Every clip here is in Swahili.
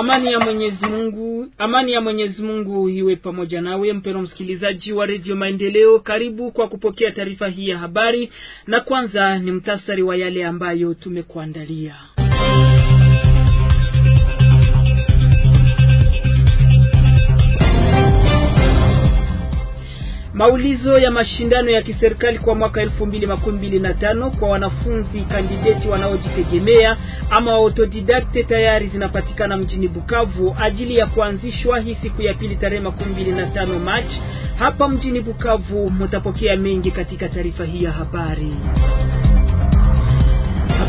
Amani ya Mwenyezi Mungu, amani ya Mwenyezi Mungu iwe pamoja nawe mpendwa msikilizaji wa Radio Maendeleo. Karibu kwa kupokea taarifa hii ya habari, na kwanza ni mtasari wa yale ambayo tumekuandalia. Maulizo ya mashindano ya kiserikali kwa mwaka 2025 kwa wanafunzi kandideti wanaojitegemea ama autodidacte tayari zinapatikana mjini Bukavu ajili ya kuanzishwa hii siku ya pili tarehe 25 Machi hapa mjini Bukavu. Mtapokea mengi katika taarifa hii ya habari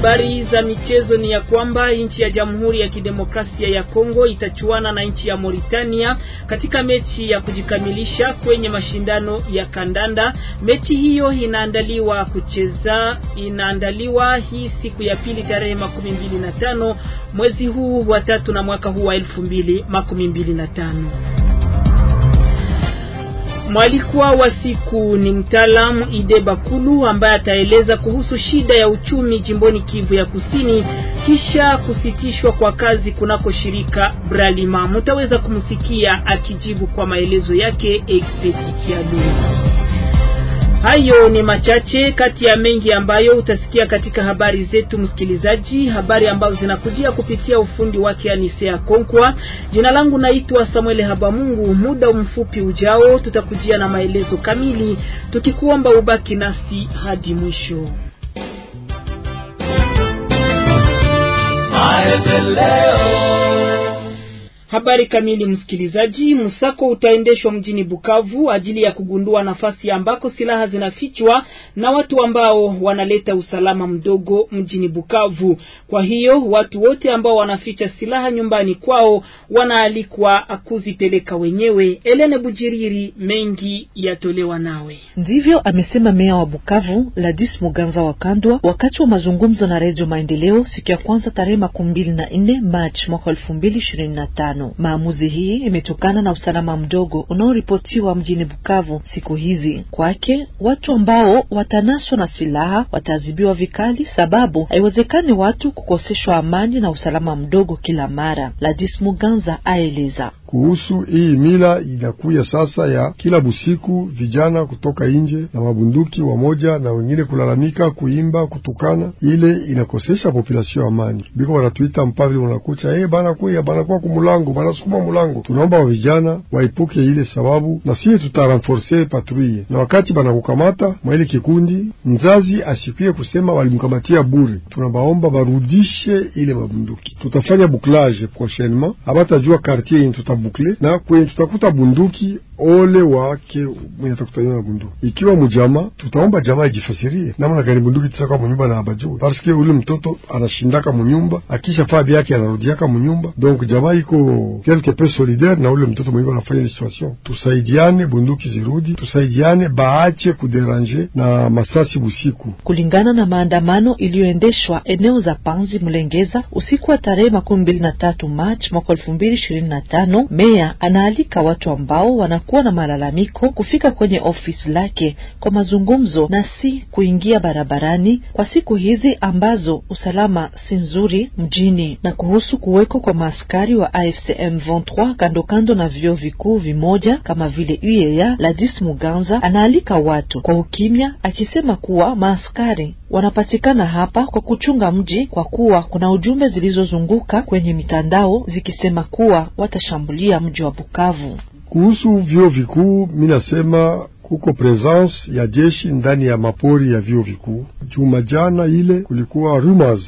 habari za michezo ni ya kwamba nchi ya Jamhuri ya Kidemokrasia ya Kongo itachuana na nchi ya Mauritania katika mechi ya kujikamilisha kwenye mashindano ya kandanda. Mechi hiyo inaandaliwa kucheza inaandaliwa hii siku ya pili tarehe makumi mbili na tano mwezi huu wa tatu na mwaka huu wa elfu mbili makumi mbili na tano. Mwalikwa wa siku ni mtaalamu Ide Bakulu ambaye ataeleza kuhusu shida ya uchumi jimboni Kivu ya Kusini kisha kusitishwa kwa kazi kunako shirika Bralima. Mutaweza kumsikia akijibu kwa maelezo yake Expert Kiadu. Hayo ni machache kati ya mengi ambayo utasikia katika habari zetu, msikilizaji, habari ambazo zinakujia kupitia ufundi wake Anisea Konkwa. Jina langu naitwa Samuel Habamungu. Muda mfupi ujao tutakujia na maelezo kamili, tukikuomba ubaki nasi hadi mwisho. Maendeleo Habari kamili, msikilizaji. Msako utaendeshwa mjini Bukavu ajili ya kugundua nafasi ambako silaha zinafichwa na watu ambao wanaleta usalama mdogo mjini Bukavu. Kwa hiyo watu wote ambao wanaficha silaha nyumbani kwao wanaalikwa kuzipeleka wenyewe. Elene Bujiriri, mengi yatolewa nawe. Ndivyo amesema meya wa Bukavu Ladis Muganza wa Kandwa wakati wa mazungumzo na Redio Maendeleo siku ya kwanza tarehe makumi mbili na nne Machi mwaka elfu mbili ishirini na tano tano. Maamuzi hii imetokana na usalama mdogo unaoripotiwa mjini Bukavu siku hizi. Kwake, watu ambao watanaswa na silaha wataadhibiwa vikali, sababu haiwezekani watu kukoseshwa amani na usalama mdogo kila mara. Ladis Muganza aeleza kuhusu hii mila inakuya sasa ya kila busiku vijana kutoka nje na mabunduki wamoja na wengine kulalamika, kuimba, kutukana. Ile inakosesha populasio amani, biko wanatuita mpavili unakucha, hey, eh, bana kuya banakuwa kumulango, banasukuma mulango. Tunaomba wa vijana waipuke ile sababu, na sisi tutarenforce patrouille, na wakati banakukamata mwaile kikundi, mzazi asikuye kusema walimkamatia bure. Tunabaomba barudishe ile mabunduki, tutafanya bouclage prochainement, abatajua quartier yenye tuta bukle na kwenye tutakuta bunduki ole wake mwenye atakutania na bunduki. Ikiwa mujama, tutaomba jamaa ijifasirie namna gani bunduki tisaka munyumba na abajue, parske ule mtoto anashindaka munyumba, akisha faa byake anarudiaka munyumba. Donc jamaa iko quelque peu solidaire na ule mtoto mwenye anafanya situation. Tusaidiane, bunduki zirudi, tusaidiane, baache kuderange na masasi busiku Kulingana na maandamano iliyoendeshwa eneo za Panzi Mlengeza usiku wa tarehe makumi mbili na tatu Machi mwaka elfu mbili ishirini na tano Meya anaalika watu ambao wanakuwa na malalamiko kufika kwenye ofisi lake kwa mazungumzo na si kuingia barabarani kwa siku hizi ambazo usalama si nzuri mjini. Na kuhusu kuweko kwa maaskari wa AFCM 23 kando kando na vyuo vikuu vimoja kama vile UEA, Ladis Muganza anaalika watu kwa ukimya, akisema kuwa maaskari wanapatikana hapa kwa kuchunga mji, kwa kuwa kuna ujumbe zilizozunguka kwenye mitandao zikisema kuwa watashambulia mji wa Bukavu. Kuhusu vyuo vikuu, minasema kuko presence ya jeshi ndani ya mapori ya vyuo vikuu. Juma jana ile kulikuwa rumors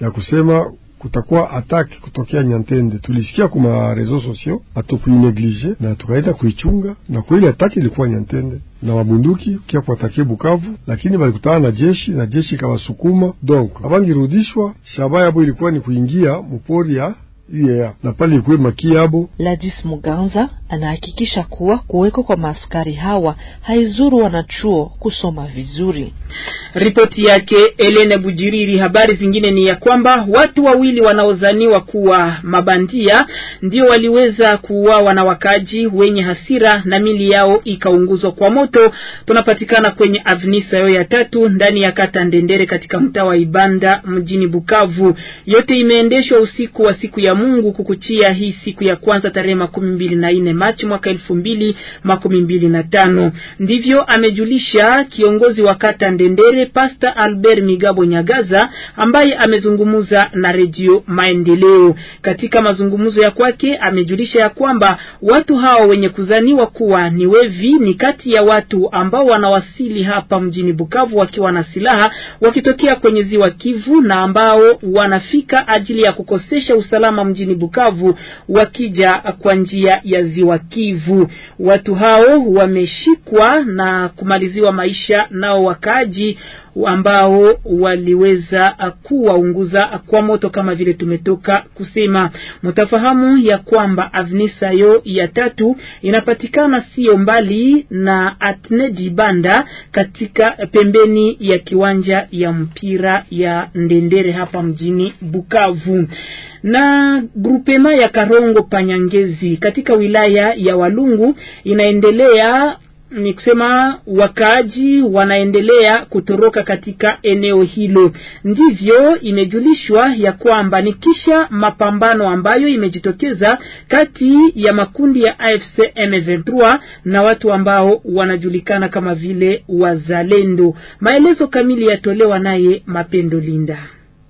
ya kusema kutakuwa ataki kutokea Nyantende, tulisikia kuma reseau sociaux, hatukuineglige na tukaenda kuichunga, na kweli ataki ilikuwa Nyantende na mabunduki kia kuwatakia Bukavu, lakini balikutana na jeshi na jeshi ikawasukuma, donc abangirudishwa. Shabaha yabo ilikuwa ni kuingia mupori ya yeah. na pale ikuwe makiabo. Ladis Muganza anahakikisha kuwa kuweko kwa maaskari hawa haizuru wanachuo kusoma vizuri. Ripoti yake Elena Bujiriri. Habari zingine ni ya kwamba watu wawili wanaozaniwa kuwa mabandia ndio waliweza kuuawa na wakaji wenye hasira na mili yao ikaunguzwa kwa moto. Tunapatikana kwenye avni ya tatu ndani ya kata Ndendere katika mtaa wa Ibanda mjini Bukavu. Yote imeendeshwa usiku wa siku ya Mungu kukuchia hii siku ya kwanza tarehe makumi mbili na nne Machi mwaka elfu mbili makumi mbili na tano. Ndivyo amejulisha kiongozi wa kata Ndendere Pasta Albert Migabo Nyagaza ambaye amezungumza na Redio Maendeleo. Katika mazungumzo ya kwake amejulisha ya kwamba watu hao wenye kuzaniwa kuwa ni wevi ni kati ya watu ambao wanawasili hapa mjini Bukavu wakiwa na silaha wakitokea kwenye ziwa Kivu na ambao wanafika ajili ya kukosesha usalama mjini Bukavu wakija kwa njia ya Ziwa Kivu. Watu hao wameshikwa na kumaliziwa maisha nao wakaaji ambao waliweza kuwaunguza kwa moto kama vile tumetoka kusema. Mtafahamu ya kwamba yo ya tatu inapatikana sio mbali na Atnedi Banda katika pembeni ya kiwanja ya mpira ya Ndendere hapa mjini Bukavu na grupema ya Karongo Panyangezi katika wilaya ya Walungu inaendelea ni kusema wakaaji wanaendelea kutoroka katika eneo hilo. Ndivyo imejulishwa ya kwamba ni kisha mapambano ambayo imejitokeza kati ya makundi ya AFC M23 na watu ambao wanajulikana kama vile wazalendo. Maelezo kamili yatolewa naye Mapendo Linda.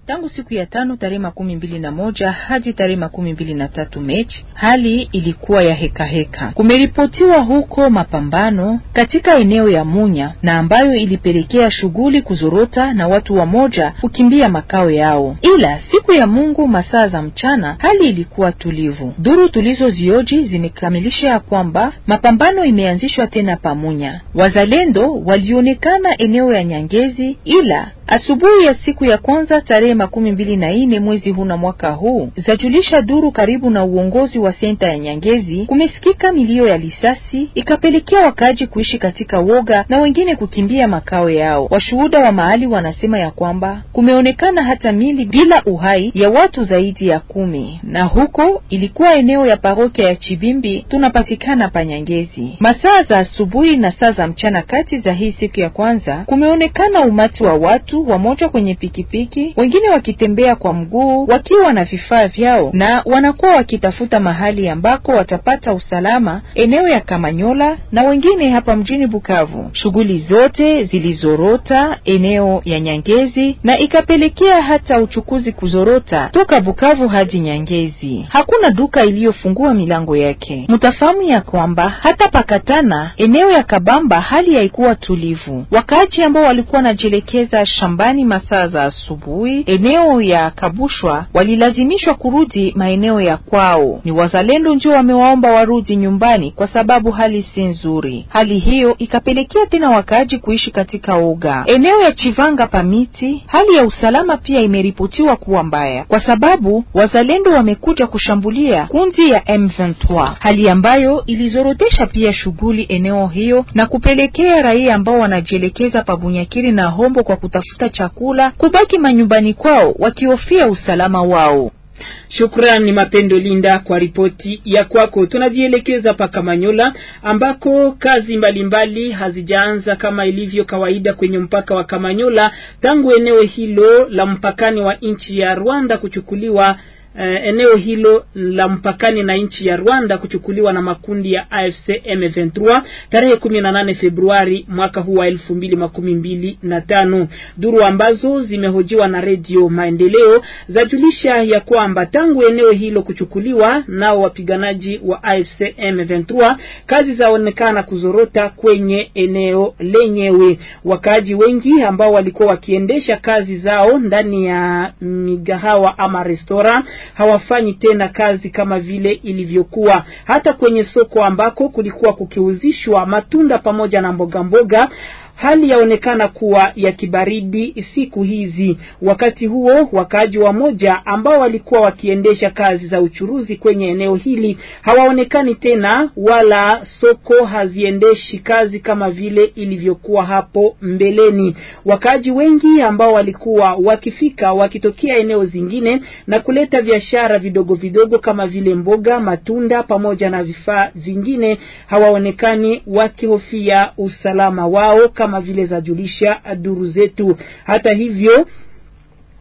Tangu siku ya tano tarehe makumi mbili na moja hadi tarehe makumi mbili na tatu Mechi, hali ilikuwa ya hekaheka heka. Kumeripotiwa huko mapambano katika eneo ya Munya na ambayo ilipelekea shughuli kuzorota na watu wa moja kukimbia makao yao, ila siku ya Mungu masaa za mchana hali ilikuwa tulivu. Duru tulizozioji zimekamilisha ya kwamba mapambano imeanzishwa tena pamunya, wazalendo walionekana eneo ya Nyangezi, ila asubuhi ya siku ya kwanza tarehe makumi mbili na ine mwezi huu na mwaka huu, zajulisha duru karibu na uongozi wa senta ya Nyangezi. Kumesikika milio ya lisasi ikapelekea wakaaji kuishi katika woga na wengine kukimbia makao yao. Washuhuda wa mahali wanasema ya kwamba kumeonekana hata mili bila uhai ya watu zaidi ya kumi, na huko ilikuwa eneo ya parokia ya Chibimbi tunapatikana pa Nyangezi. Masaa za asubuhi na saa za mchana kati za hii siku ya kwanza kumeonekana umati wa watu wamoja kwenye pikipiki, wengine wengine wakitembea kwa mguu wakiwa na vifaa vyao, na wanakuwa wakitafuta mahali ambako watapata usalama eneo ya Kamanyola na wengine hapa mjini Bukavu. Shughuli zote zilizorota eneo ya Nyangezi na ikapelekea hata uchukuzi kuzorota toka Bukavu hadi Nyangezi. Hakuna duka iliyofungua milango yake. Mtafahamu ya kwamba hata pakatana eneo ya Kabamba hali haikuwa tulivu. Wakaaji ambao walikuwa wanajielekeza shambani masaa za asubuhi maeneo ya Kabushwa walilazimishwa kurudi maeneo ya kwao. Ni wazalendo ndio wamewaomba warudi nyumbani kwa sababu hali si nzuri. Hali hiyo ikapelekea tena wakaaji kuishi katika oga. Eneo ya Chivanga Pamiti, hali ya usalama pia imeripotiwa kuwa mbaya kwa sababu wazalendo wamekuja kushambulia kundi ya M23, hali ambayo ilizorotesha pia shughuli eneo hiyo na kupelekea raia ambao wanajielekeza pabunyakiri na Hombo kwa kutafuta chakula kubaki manyumbani kwa kwao wakihofia usalama wao. Shukrani Mapendo Linda kwa ripoti ya kwako. Tunajielekeza paka Manyola ambako kazi mbalimbali hazijaanza kama ilivyo kawaida kwenye mpaka wa Kamanyola tangu eneo hilo la mpakani wa nchi ya Rwanda kuchukuliwa eh, eneo hilo la mpakani na nchi ya Rwanda kuchukuliwa na makundi ya AFC M23 tarehe 18 Februari mwaka huu wa 2025. Duru ambazo zimehojiwa na Redio Maendeleo zajulisha ya kwamba tangu eneo hilo kuchukuliwa nao wapiganaji wa AFC M23, kazi zaonekana kuzorota kwenye eneo lenyewe. Wakaaji wengi ambao walikuwa wakiendesha kazi zao ndani ya migahawa ama restora hawafanyi tena kazi kama vile ilivyokuwa. Hata kwenye soko ambako kulikuwa kukiuzishwa matunda pamoja na mboga mboga Hali yaonekana kuwa ya kibaridi siku hizi. Wakati huo wakaaji wa moja ambao walikuwa wakiendesha kazi za uchuruzi kwenye eneo hili hawaonekani tena, wala soko haziendeshi kazi kama vile ilivyokuwa hapo mbeleni. Wakaaji wengi ambao walikuwa wakifika wakitokea eneo zingine na kuleta biashara vidogo vidogo kama vile mboga, matunda pamoja na vifaa vingine hawaonekani wakihofia usalama wao kama kama vile zajulisha duru zetu. Hata hivyo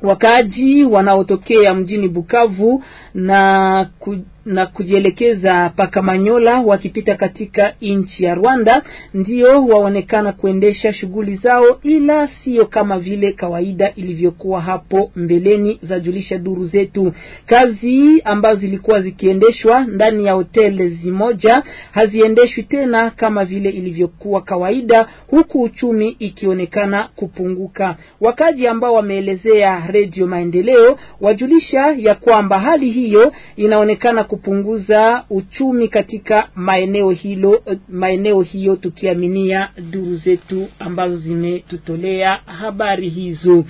wakaaji wanaotokea mjini Bukavu na ku na kujielekeza Pakamanyola wakipita katika nchi ya Rwanda, ndio waonekana kuendesha shughuli zao, ila sio kama vile kawaida ilivyokuwa hapo mbeleni, zajulisha duru zetu. Kazi ambazo zilikuwa zikiendeshwa ndani ya hoteli zimoja haziendeshwi tena kama vile ilivyokuwa kawaida, huku uchumi ikionekana kupunguka. Wakaji ambao wameelezea Redio Maendeleo wajulisha ya kwamba hali hiyo inaonekana kupunguza uchumi katika maeneo hilo eh, maeneo hiyo, tukiaminia duru zetu ambazo zimetutolea habari hizo.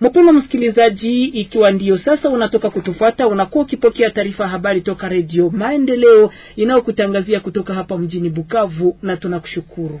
Mpendwa msikilizaji, ikiwa ndio sasa unatoka kutufuata, unakuwa ukipokea taarifa habari toka Redio Maendeleo inayokutangazia kutoka hapa mjini Bukavu, na tunakushukuru.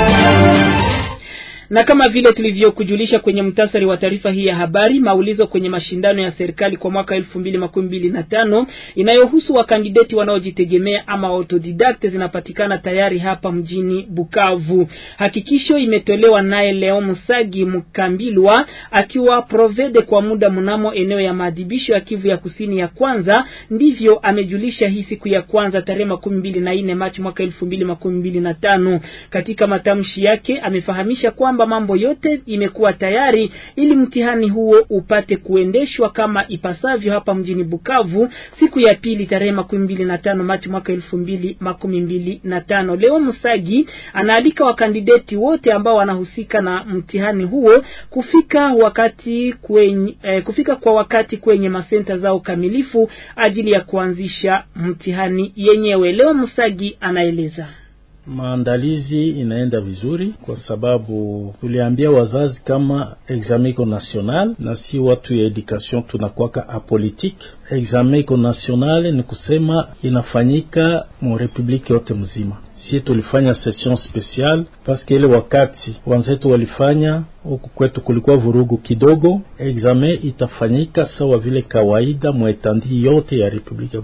na kama vile tulivyokujulisha kwenye mtasari wa taarifa hii ya habari, maulizo kwenye mashindano ya serikali kwa mwaka 2025 inayohusu wakandideti wanaojitegemea ama autodidacte zinapatikana tayari hapa mjini Bukavu. Hakikisho imetolewa naye Leo Musagi Mkambilwa akiwa provede kwa muda mnamo eneo ya maadhibisho ya Kivu ya Kusini ya kwanza, ndivyo amejulisha hii siku ya kwanza tarehe makumi mbili na nne Machi mwaka 2025. Katika matamshi yake amefahamisha kwamba kwamba mambo yote imekuwa tayari ili mtihani huo upate kuendeshwa kama ipasavyo hapa mjini Bukavu siku ya pili tarehe makumi mbili na tano Machi mwaka elfu mbili makumi mbili na tano. Leo Musagi anaalika wakandideti wote ambao wanahusika na mtihani huo kufika wakati kwenye, eh, kufika kwa wakati kwenye masenta zao kamilifu ajili ya kuanzisha mtihani yenyewe. Leo Musagi anaeleza. Maandalizi inaenda vizuri kwa sababu tuliambia wazazi kama examiko national na si watu ya edukation tunakwaka apolitique. Examiko national ni kusema inafanyika mu republiki yote mzima si tulifanya session special paske ile wakati wanzetu walifanya huku kwetu kulikuwa vurugu kidogo. Examen itafanyika sawa vile kawaida mwetandi yote ya Republika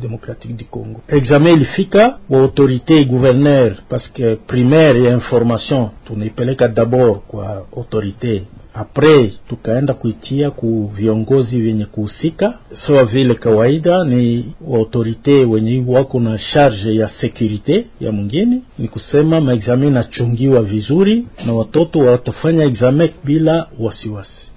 democratique du Congo. exame ilifika wa autorite gouverneur, paske primaire ya information tunaipeleka d'abord kwa autorite après tukaenda kuitia ku viongozi wenye kuhusika sawa vile kawaida, ni autorite wenye wako na charge ya sekurite ya mwingine ni kusema maexame inachungiwa vizuri na watoto watafanya exame bila wasiwasi.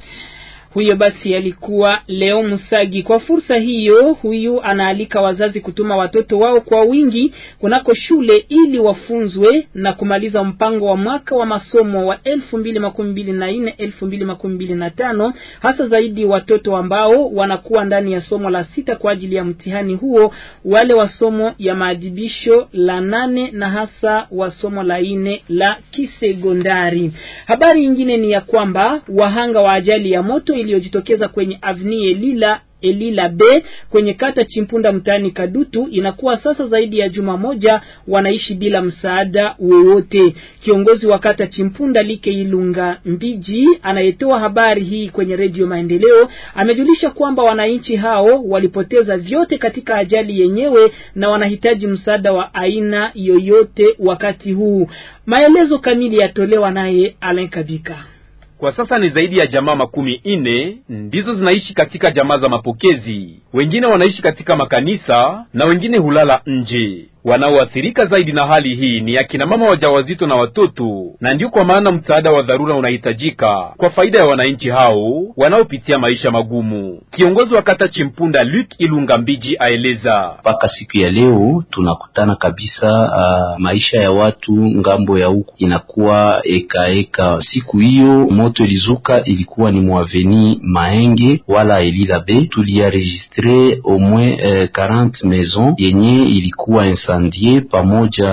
Huyo basi alikuwa Leo Musagi. Kwa fursa hiyo, huyu anaalika wazazi kutuma watoto wao kwa wingi kunako shule ili wafunzwe na kumaliza mpango wa mwaka wa masomo wa 2024 2025, hasa zaidi watoto ambao wanakuwa ndani ya somo la sita kwa ajili ya mtihani huo, wale wa somo ya maadhibisho la nane na hasa wa somo la ine la kisegondari Habari nyingine ni ya kwamba wahanga wa ajali ya moto iliyojitokeza kwenye avni Elila Elila B kwenye kata Chimpunda mtaani Kadutu inakuwa sasa zaidi ya juma moja wanaishi bila msaada wowote. Kiongozi wa kata Chimpunda Like Ilunga Mbiji anayetoa habari hii kwenye Redio Maendeleo amejulisha kwamba wananchi hao walipoteza vyote katika ajali yenyewe na wanahitaji msaada wa aina yoyote wakati huu. Maelezo kamili yatolewa naye Alain Kabika. Kwa sasa ni zaidi ya jamaa makumi ine ndizo zinaishi katika jamaa za mapokezi, wengine wanaishi katika makanisa na wengine hulala nje. Wanaoathirika zaidi na hali hii ni akina mama wajawazito na watoto, na ndio kwa maana msaada wa dharura unahitajika kwa faida ya wananchi hao wanaopitia maisha magumu. Kiongozi wa kata Chimpunda Luk Ilunga Mbiji aeleza mpaka siku ya leo tunakutana kabisa, uh, maisha ya watu ngambo ya huku inakuwa ekaeka. Siku hiyo moto ilizuka ilikuwa ni mwaveni Maenge wala be, tuliaregistre au moins uh, eh, 40 maison yenye ilikuwa ensa incendié pamoja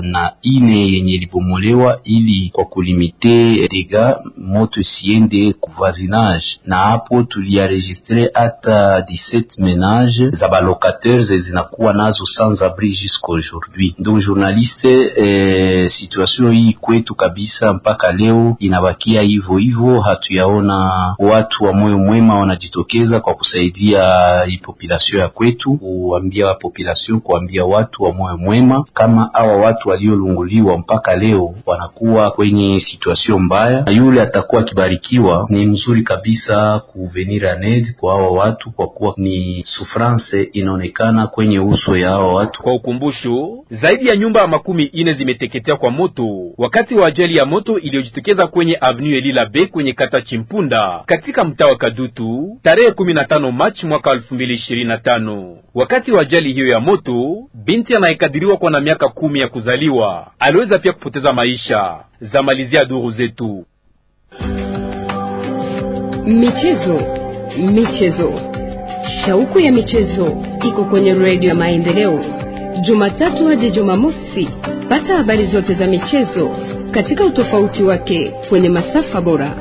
na ine yenye ilibomolewa ili kwa kulimite dega moto isiende kuvazinage, na hapo tuliaregistre hata 17 menage za balocateurs zinakuwa nazo sans abri jusqu'au aujourd'hui. Ndio journaliste, eh, situation hii kwetu kabisa mpaka leo inabakia hivyo hivyo, hatuyaona watu wa moyo mwema wanajitokeza kwa kusaidia hii population ya kwetu, kuambia population, kuambia watu wa moyo mwema kama hawa watu waliolunguliwa mpaka leo wanakuwa kwenye situasio mbaya, na yule atakuwa akibarikiwa, ni mzuri kabisa kuvenir aned kwa hawa watu, kwa kuwa ni sufrance inaonekana kwenye uso ya hawa watu. Kwa ukumbusho, zaidi ya nyumba makumi ine zimeteketea kwa moto wakati wa ajali ya moto iliyojitokeza kwenye avenue Elila B kwenye kata Chimpunda katika mtaa wa Kadutu tarehe 15 Machi mwaka 2025. Wakati wa ajali hiyo ya moto binti ana anayekadiriwa kuwa na miaka kumi ya kuzaliwa aliweza pia kupoteza maisha. za malizia duru zetu michezo. Michezo, shauku ya michezo iko kwenye redio ya Maendeleo, Jumatatu hadi Jumamosi. Pata habari zote za michezo katika utofauti wake kwenye masafa bora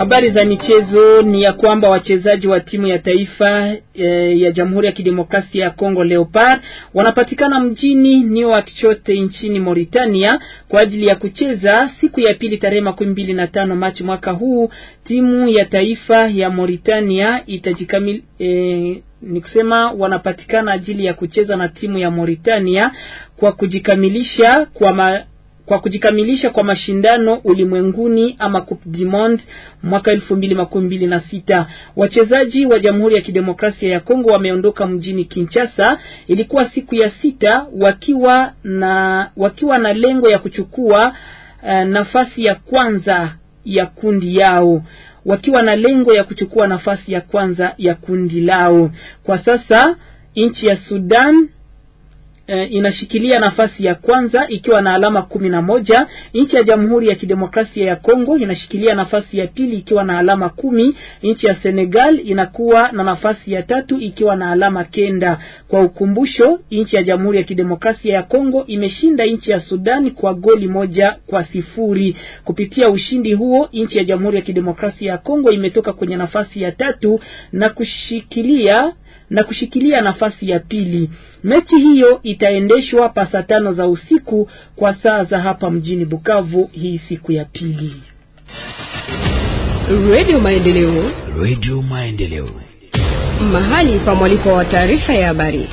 Habari za michezo ni ya kwamba wachezaji wa timu ya taifa e, ya Jamhuri ya Kidemokrasia ya Kongo Leopard wanapatikana mjini Nouakchott nchini Mauritania kwa ajili ya kucheza siku ya pili tarehe makumi mbili na tano Machi mwaka huu. Timu ya taifa ya Mauritania itajikamil e, ni kusema wanapatikana ajili ya kucheza na timu ya Mauritania kwa kujikamilisha kwa ma, kwa kujikamilisha kwa mashindano ulimwenguni ama Coupe du Monde mwaka sita. Wachezaji wa Jamhuri ya Kidemokrasia ya Kongo wameondoka mjini Kinshasa, ilikuwa siku ya sita, wakiwa na wakiwa na lengo ya kuchukua uh, nafasi ya kwanza ya kundi yao wakiwa na lengo ya kuchukua nafasi ya kwanza ya kundi lao. Kwa sasa nchi ya Sudan eh, inashikilia nafasi ya kwanza ikiwa na alama kumi na moja. Nchi ya Jamhuri ya Kidemokrasia ya Kongo inashikilia nafasi ya pili ikiwa na alama kumi. Nchi ya Senegal inakuwa na nafasi ya tatu ikiwa na alama kenda. Kwa ukumbusho, nchi ya Jamhuri ya Kidemokrasia ya Kongo imeshinda nchi ya Sudan kwa goli moja kwa sifuri. Kupitia ushindi huo, nchi ya Jamhuri ya Kidemokrasia ya Kongo imetoka kwenye nafasi ya tatu na kushikilia na kushikilia nafasi ya pili. Mechi hiyo itaendeshwa pasa tano za usiku kwa saa za hapa mjini Bukavu hii siku ya pili. Radio Maendeleo, Radio Maendeleo, mahali pa mwaliko wa taarifa ya habari.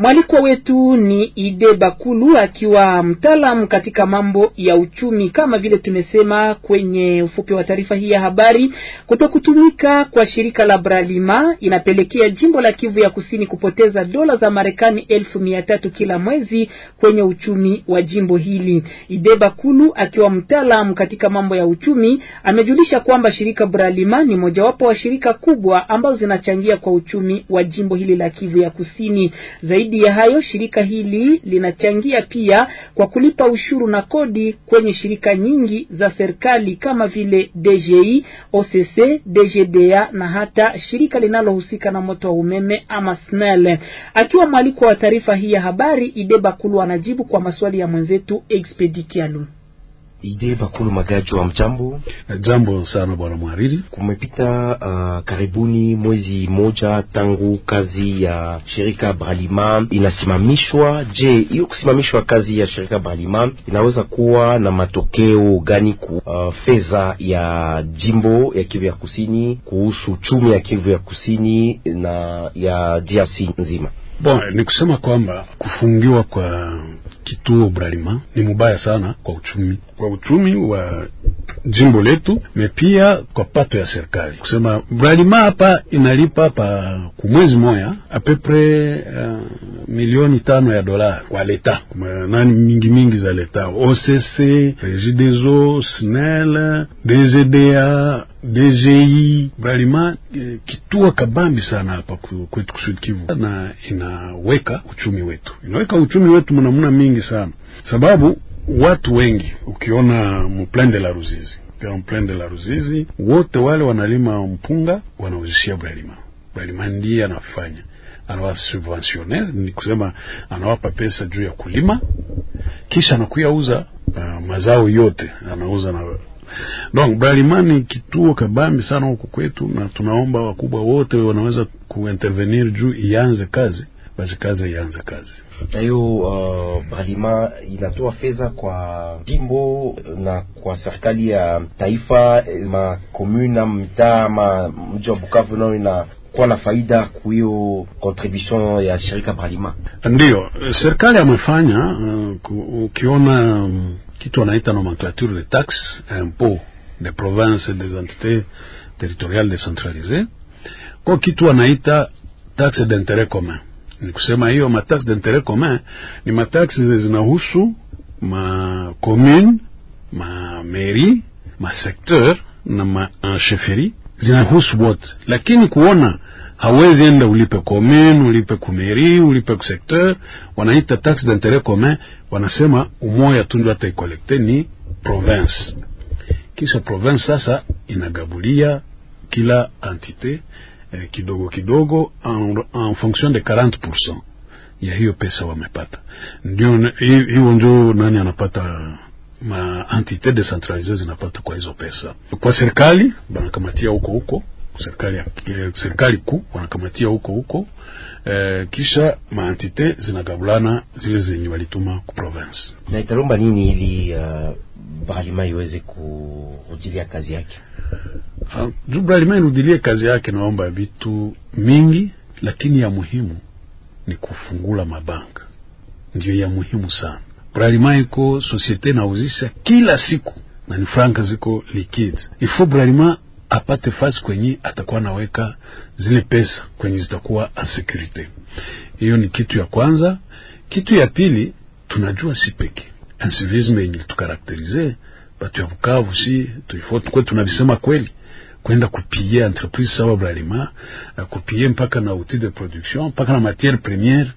Mwalikwa wetu ni Ide Bakulu akiwa mtaalamu katika mambo ya uchumi. Kama vile tumesema kwenye ufupi wa taarifa hii ya habari, kutokutumika kwa shirika la Bralima inapelekea jimbo la Kivu ya Kusini kupoteza dola za Marekani elfu mia tatu kila mwezi kwenye uchumi wa jimbo hili. Ide Bakulu akiwa mtaalamu katika mambo ya uchumi amejulisha kwamba shirika Bralima ni mojawapo wa shirika kubwa ambazo zinachangia kwa uchumi wa jimbo hili la Kivu ya Kusini zaidi zaidi ya hayo, shirika hili linachangia pia kwa kulipa ushuru na kodi kwenye shirika nyingi za serikali kama vile DGI, OCC, DGDA na hata shirika linalohusika na moto wa umeme ama SNEL. Akiwa mwalikwa wa taarifa hii ya habari, Ideba Kulu anajibu kwa maswali ya mwenzetu Expedikialu. Ide Bakulu Magaju wa mjambo. Eh, jambo sana bwana mwariri Kumepita uh, karibuni mwezi moja tangu kazi ya shirika Bralima inasimamishwa. Je, hiyo kusimamishwa kazi ya shirika Bralima inaweza kuwa na matokeo gani ku uh, fedha ya jimbo ya Kivu ya Kusini kuhusu uchumi ya Kivu ya Kusini na ya DRC nzima? Bon, ni kusema kwamba kufungiwa kwa kituo Bralima ni mubaya sana kwa uchumi, kwa uchumi wa jimbo letu, me pia kwa pato ya serikali. Kusema Bralima hapa inalipa pa kumwezi moya apepre uh, milioni tano ya dola kwa leta nani mingi mingi za leta OCC, Regideso, SNEL, DZDA, DGI, balima eh, kituo kabambi sana hapa kwetu Kusud Kivu, na inaweka uchumi wetu, inaweka uchumi wetu mnamuna mingi sana, sababu watu wengi ukiona mplende la Ruzizi mplende la Ruzizi wote wale wanalima mpunga wanauzishia Bralima. Bralima ndiye anafanya anawa anawasubvensione, ni kusema anawapa pesa juu ya kulima, kisha anakuyauza uh, mazao yote anauza na donc Bralima ni kituo kabambi sana huku kwetu, na tunaomba wakubwa wote wanaweza kuintervenir juu ianze kazi, basi kazi ianze kazi. Na hiyo uh, Bralima inatoa fedha kwa jimbo na kwa serikali ya taifa, makomune na mtaa ma mji wa Bukavu nao ina kuwa na faida kuhiyo contribution ya shirika Bralima. Ndiyo serikali amefanya uh, ukiona um, kitu wanaita nomenclature de taxe impot de province des entités territoriales decentralisées, kwa kitu wanaita taxe d'interet commun. Ni kusema hiyo mataxe d'interet commun ni mataxi zinahusu ma commune ma mairie ma secteur na ma uh, chefferie zinahusu wote, lakini kuona hawezi enda ulipe commune, ulipe kumeri, ulipe secteur, wanaita taxe d'interet commun, wanasema umoya tu ndio ataikolekte ni province. Kisha province sasa inagabulia kila entite eh, kidogo kidogo en, en fonction de 40% ya hiyo pesa wamepata, ndio hiyo ndio nani anapata maentite decentralize zinapata kwa hizo pesa. Kwa serikali banakamatia huko huko serikali ya eh, serikali kuu wanakamatia huko huko e, kisha maantite zinagabulana zile zenye walituma ku province. Na italomba nini ili uh, Bralima iweze kurudilia kazi yake? Uh, ah, Bralima irudilie kazi yake, naomba vitu mingi, lakini ya muhimu ni kufungula mabanka, ndio ya muhimu sana bralima iko societe nauzisha kila siku na ni franka ziko liquide, ifo bralima apate fasi kwenye atakuwa naweka zile pesa kwenye zitakuwa ansekurite. Hiyo ni kitu ya kwanza. Kitu ya pili, tunajua si peke insivisme yenye tukarakterize batu ya Bukavu, si tuifo tukwe tunabisema kweli kwenda kupie entreprise sawa Bralima, uh, mpaka na outil de production mpaka na matiere premiere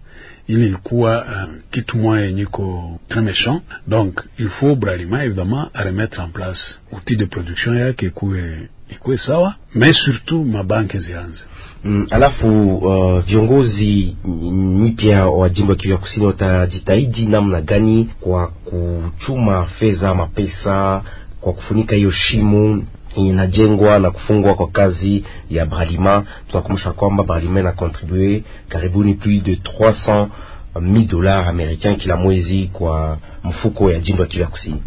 ili ilikuwa uh, kitu moya yenyiko tres méchant donc il faut Bralima évidemment remettre en place outil de production yake ikuwe ikuwe sawa mais surtout mabanke zianze. Mm, alafu uh, viongozi mpya wa jimbo ya Kivu Kusini watajitahidi namna gani kwa kuchuma fedha mapesa kwa kufunika hiyo shimo inajengwa na kufungwa kwa kazi ya Bralima. Tunakumbusha kwamba Bralima ina contribue karibuni plus de 300 mille dollars americain kila mwezi kwa mfuko ya jimbo ya Kivu Kusini.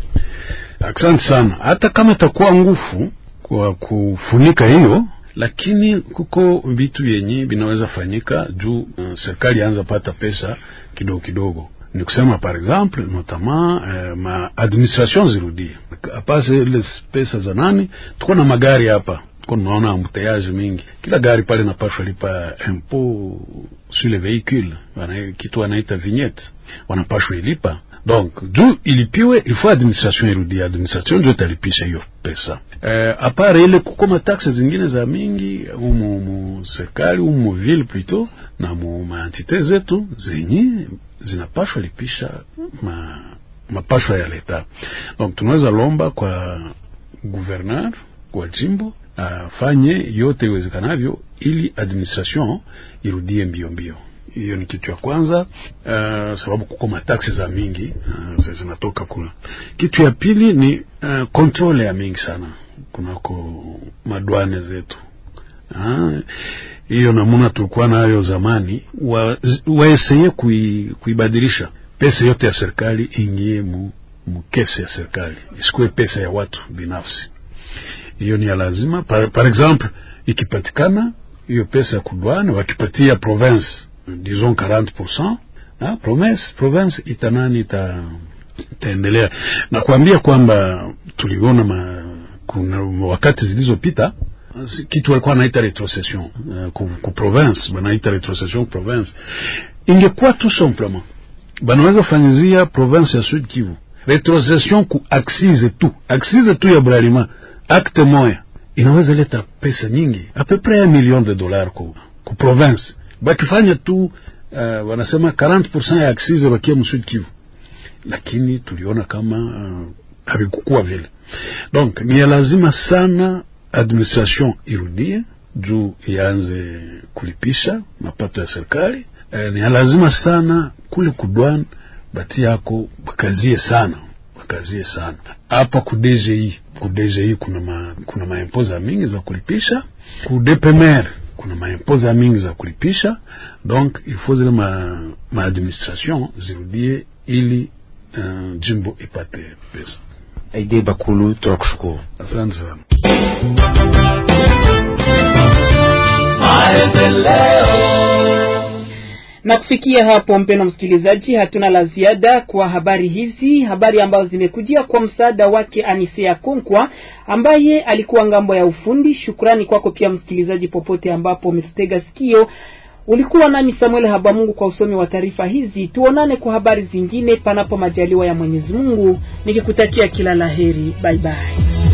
Asante sana. Hata kama itakuwa ngufu kwa kufunika hiyo lakini kuko vitu vyenye vinaweza fanyika juu, eh, serikali anza pata pesa kidogo kidogo ni kusema par exemple notamment eh, ma administration zirudie apase ile pesa za nani. Tuko na magari hapa, tuko tunaona ambuteyaji mingi, kila gari pale napashwa lipa impot sur le véhicule, kitu wanaita vignette, wanapashwa ilipa Donc juu ilipiwe ilifo administration irudie, administration ndio italipisha hiyo pesa eh, apare ile kukoma euh, taxe zingine za mingi umu mu serikali umu mu ville plutôt na mu maentite zetu zenye zinapashwa lipisha ma, mapashwa ya leta. Donc tunaweza lomba kwa gouverneur wa jimbo afanye yote iwezekanavyo ili administration irudie mbio mbio hiyo ni kitu ya kwanza uh, sababu kuko mataksi za mingi uh, zinatoka kula. Kitu ya pili ni kontrole eh, uh, ya mingi sana kunako madwane zetu ah, hiyo uh, namuna tulikuwa nayo zamani, waeseye wa kuibadilisha pesa yote ya serikali ingie mu mkese ya serikali isikuwe pesa ya watu binafsi. Hiyo ni ya lazima. Par, par example ikipatikana hiyo pesa ya kudwane wakipatia province disons 40%, na province, province itanani ita, itaendelea na kuambia kwamba tuliona ma, kuna wakati zilizopita kitu walikuwa naita retrocession uh, ku, ku province banaita retrocession province. Ingekuwa tout simplement banaweza fanyizia province ya Sud Kivu retrocession ku axize tu axize tu ya Bralima, acte moya inaweza leta pesa nyingi a peu près un million de dollars ku, ku province bakifanya tu uh, wanasema 40% ya aksize zabakia msud Kivu, lakini tuliona kama uh, havikukuwa vile. Donc ni lazima sana administration irudie juu ianze kulipisha mapato ya serikali. E, ni lazima sana kule kudwan bati yako bakazie sana bakazie sana hapa kudji kudji, kuna ma, kuna maimpoza mingi za kulipisha kudepemer kuna maimpoza mingi za kulipisha, donc il faut zile ma, ma administration zirudie ili uh, jimbo ipate pesa. Aide Bakulu, tunakushukuru, asante sana. Na kufikia hapo, mpeno msikilizaji, hatuna la ziada kwa habari hizi, habari ambazo zimekujia kwa msaada wake Anisea Konkwa ambaye alikuwa ngambo ya ufundi. Shukrani kwako pia msikilizaji, popote ambapo umetutega sikio. Ulikuwa nami Samuel Habamungu kwa usomi wa taarifa hizi. Tuonane kwa habari zingine, panapo majaliwa ya Mwenyezi Mungu, nikikutakia kila laheri. Bye bye.